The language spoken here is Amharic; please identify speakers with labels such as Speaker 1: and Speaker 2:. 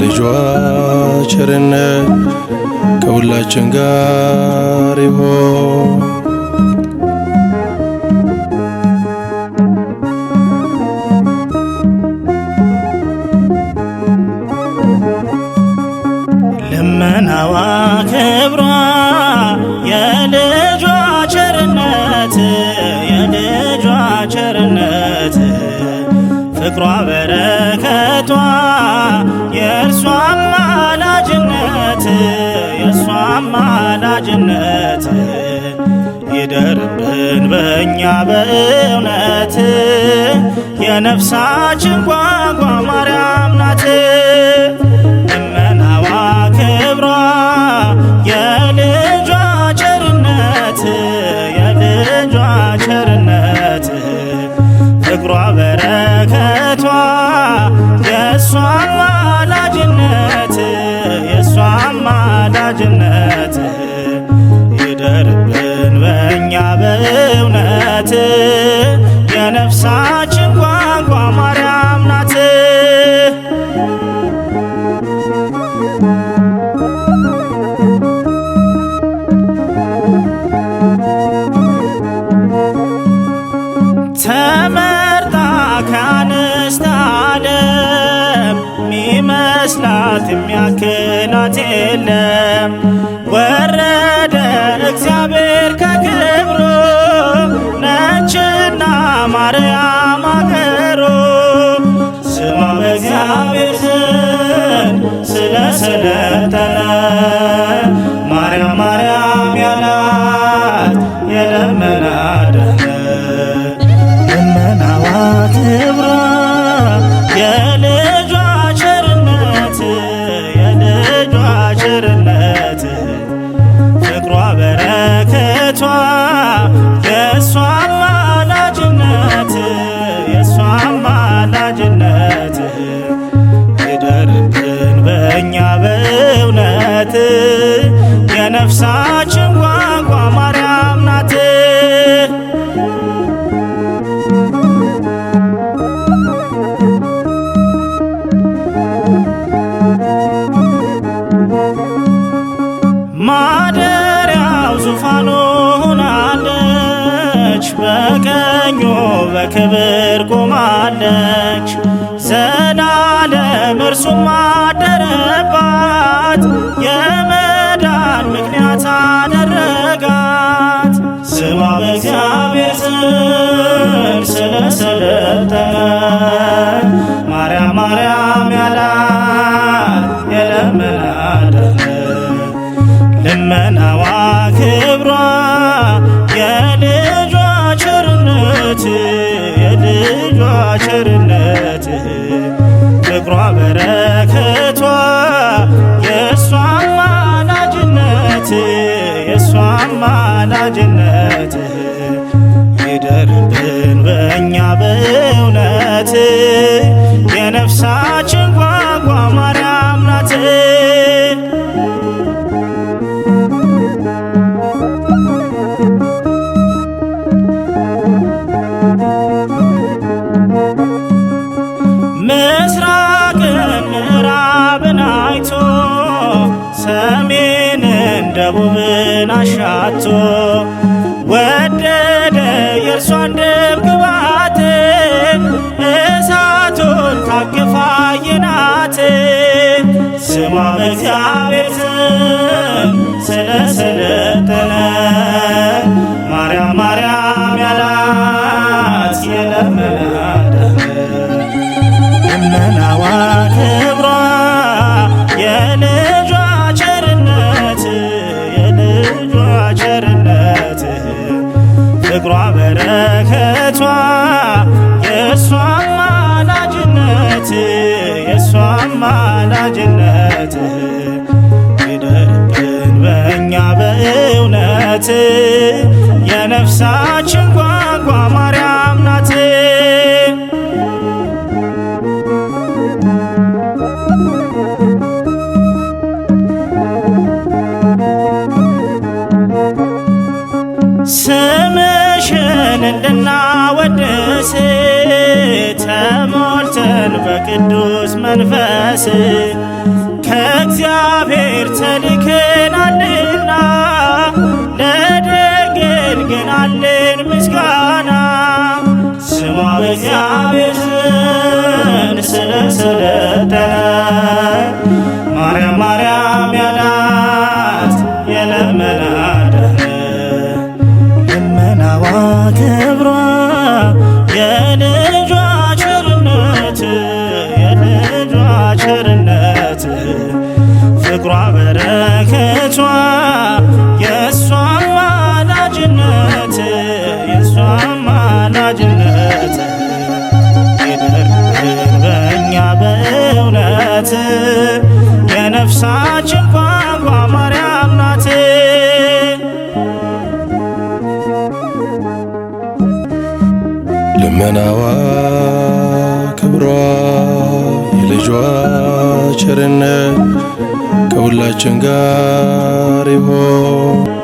Speaker 1: ልጇ ቸርነት ከሁላችን ጋር ይሆን።
Speaker 2: ልመናዋ ክብሯ የልጇ ቸርነት የልጇ ቸርነት ፍቅሯ በረከ ይደርብን በእኛ በእውነት የነፍሳችን ጓጓ ማርያም ናት ልመናዋ ክብሯ
Speaker 3: ካንስተ ዓለም ሚመስላት የሚያክላት የለም። ወረደ እግዚአብሔር ከክብሩ በቀኙ በክብር ቆማለች። ዘላለም እርሱም አደረባት። ነፍሳችን ጓጓ ማርያም ናት። ደቡብን አሻቶ ወደደ የእርሷን ደምቅ ስሟ በእግዚአብሔር ስም ስለሰለጠነ ማርያም ማርያም ያላት የለመና ደመናዋ ክብሯ የልጅ አማላጅነት ይደርብን በእኛ በእውነት የነፍሳችን ጓጓ ማርያም ናት። ስምሽን እንድና ቅዱስ መንፈስ ከእግዚአብሔር ተልከናልና ለድንግል አለን ምስጋና ስሙ እግዚአብሔር ፍቅሯ በረከቷ የእሷ አማላጅነት የእሷ አማላጅነት ይደርብን በእኛ በእውነት የነፍሳችን ቋንቋ ማርያም ናት።
Speaker 1: ልመናዋ ክብሯ የልጇ ቸርነት ከሁላችን ጋር ይሆን።